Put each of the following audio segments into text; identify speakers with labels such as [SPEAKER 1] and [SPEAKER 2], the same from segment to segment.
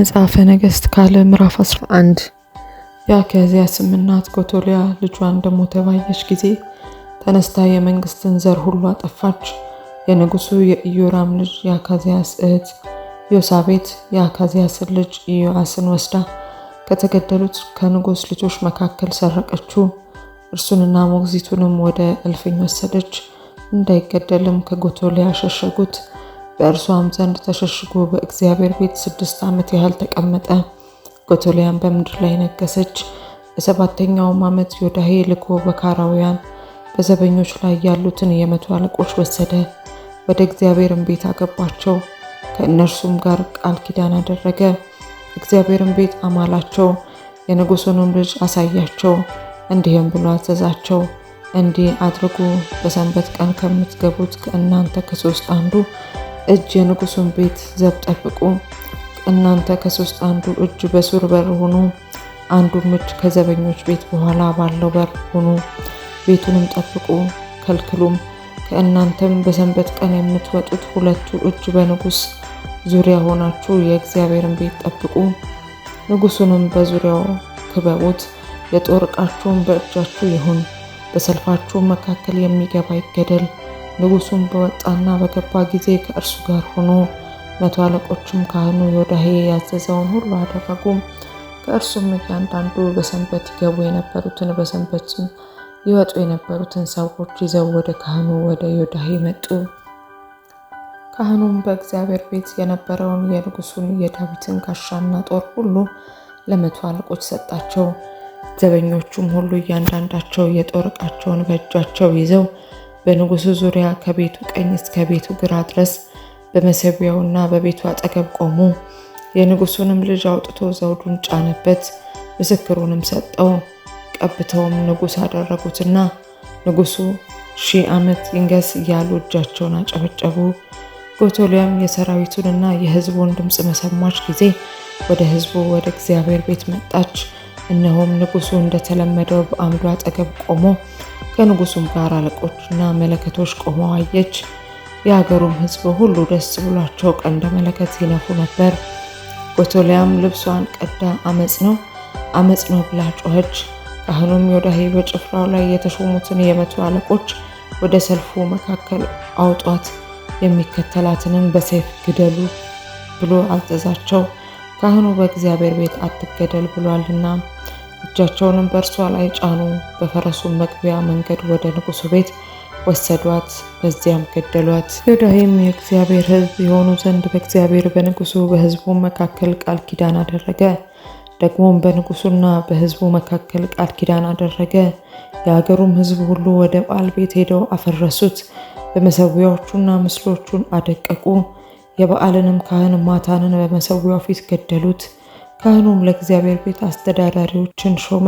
[SPEAKER 1] መጽሐፈ ነገሥት ካልዕ ምዕራፍ 11 የአካዝያስም እናት ጎቶሊያ ልጇ እንደሞተ ባየች ጊዜ ተነስታ የመንግስትን ዘር ሁሉ አጠፋች። የንጉሱ የኢዮራም ልጅ የአካዝያስ እህት ዮሳቤት የአካዝያስን ልጅ ኢዮአስን ወስዳ ከተገደሉት ከንጉስ ልጆች መካከል ሰረቀችው። እርሱንና ሞግዚቱንም ወደ እልፍኝ ወሰደች፣ እንዳይገደልም ከጎቶሊያ ሸሸጉት። በእርሷም ዘንድ ተሸሽጎ በእግዚአብሔር ቤት ስድስት ዓመት ያህል ተቀመጠ። ጎቶሊያም በምድር ላይ ነገሰች። በሰባተኛውም ዓመት ዮዳሄ ልኮ በካራውያን በዘበኞች ላይ ያሉትን የመቶ አለቆች ወሰደ፣ ወደ እግዚአብሔርን ቤት አገባቸው። ከእነርሱም ጋር ቃል ኪዳን አደረገ። እግዚአብሔርን ቤት አማላቸው፣ የንጉሱንም ልጅ አሳያቸው። እንዲህም ብሎ አዘዛቸው፣ እንዲህ አድርጉ፣ በሰንበት ቀን ከምትገቡት ከእናንተ ከሶስት አንዱ እጅ የንጉሱን ቤት ዘብ ጠብቁ። እናንተ ከሶስት አንዱ እጅ በሱር በር ሁኑ፣ አንዱም እጅ ከዘበኞች ቤት በኋላ ባለው በር ሁኑ። ቤቱንም ጠብቁ ከልክሉም። ከእናንተም በሰንበት ቀን የምትወጡት ሁለቱ እጅ በንጉስ ዙሪያ ሆናችሁ የእግዚአብሔርን ቤት ጠብቁ። ንጉሱንም በዙሪያው ክበቡት። የጦር በእጃችሁ ይሁን፣ በሰልፋችሁም መካከል የሚገባ ይገደል። ንጉሱም በወጣና በገባ ጊዜ ከእርሱ ጋር ሆኖ መቶ አለቆቹም ካህኑ ዮዳሄ ያዘዘውን ሁሉ አደረጉ። ከእርሱም እያንዳንዱ በሰንበት ይገቡ የነበሩትን በሰንበትም ይወጡ የነበሩትን ሰዎች ይዘው ወደ ካህኑ ወደ ዮዳሄ መጡ። ካህኑም በእግዚአብሔር ቤት የነበረውን የንጉሱን የዳዊትን ጋሻና ጦር ሁሉ ለመቶ አለቆች ሰጣቸው። ዘበኞቹም ሁሉ እያንዳንዳቸው የጦር ዕቃቸውን በእጃቸው ይዘው በንጉሱ ዙሪያ ከቤቱ ቀኝ እስከ ቤቱ ግራ ድረስ በመሰቢያውና በቤቱ አጠገብ ቆሙ። የንጉሱንም ልጅ አውጥቶ ዘውዱን ጫነበት፣ ምስክሩንም ሰጠው። ቀብተውም ንጉስ አደረጉትና ንጉሱ ሺህ ዓመት ይንገስ እያሉ እጃቸውን አጨበጨቡ። ጎቶሊያም የሰራዊቱንና የህዝቡን ድምፅ መሰማች ጊዜ ወደ ህዝቡ ወደ እግዚአብሔር ቤት መጣች። እነሆም ንጉሱ እንደተለመደው በአምዱ አጠገብ ቆሞ ከንጉሱም ጋር አለቆችና መለከቶች ቆመው አየች። የሀገሩም ሕዝብ ሁሉ ደስ ብሏቸው ቀንደ መለከት ይነፉ ነበር። ጎቶሊያም ልብሷን ቀዳ አመፅ ነው አመፅ ነው ብላ ጮኸች። ካህኑም ዮዳሄ በጭፍራው ላይ የተሾሙትን የመቶ አለቆች ወደ ሰልፉ መካከል አውጧት፣ የሚከተላትንም በሰይፍ ግደሉ ብሎ አዘዛቸው። ካህኑ በእግዚአብሔር ቤት አትገደል ብሏልና እጃቸውንም በእርሷ ላይ ጫኑ። በፈረሱን መግቢያ መንገድ ወደ ንጉሱ ቤት ወሰዷት፣ በዚያም ገደሏት። ዮዳሄም የእግዚአብሔር ሕዝብ የሆኑ ዘንድ በእግዚአብሔር በንጉሱ በሕዝቡ መካከል ቃል ኪዳን አደረገ። ደግሞም በንጉሱና በሕዝቡ መካከል ቃል ኪዳን አደረገ። የአገሩም ሕዝብ ሁሉ ወደ በዓል ቤት ሄደው አፈረሱት፣ በመሰዊያዎቹና ምስሎቹን አደቀቁ። የበዓልንም ካህን ማታንን በመሰዊያው ፊት ገደሉት። ካህኑም ለእግዚአብሔር ቤት አስተዳዳሪዎችን ሾመ።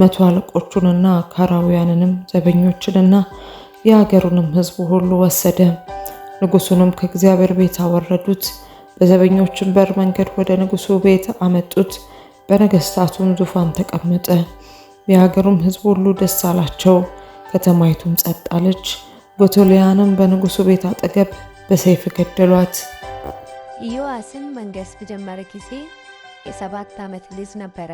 [SPEAKER 1] መቶ አለቆቹንና ካራውያንንም ዘበኞችንና የአገሩንም ህዝቡ ሁሉ ወሰደ። ንጉሱንም ከእግዚአብሔር ቤት አወረዱት። በዘበኞችን በር መንገድ ወደ ንጉሱ ቤት አመጡት። በነገስታቱም ዙፋን ተቀመጠ። የሀገሩም ሕዝብ ሁሉ ደስ አላቸው። ከተማይቱም ጸጥ አለች። ጎቶሊያንም በንጉሱ ቤት አጠገብ በሰይፍ ገደሏት። ኢዮአስን መንገስ በጀመረ ጊዜ የሰባት ዓመት ልጅ ነበረ።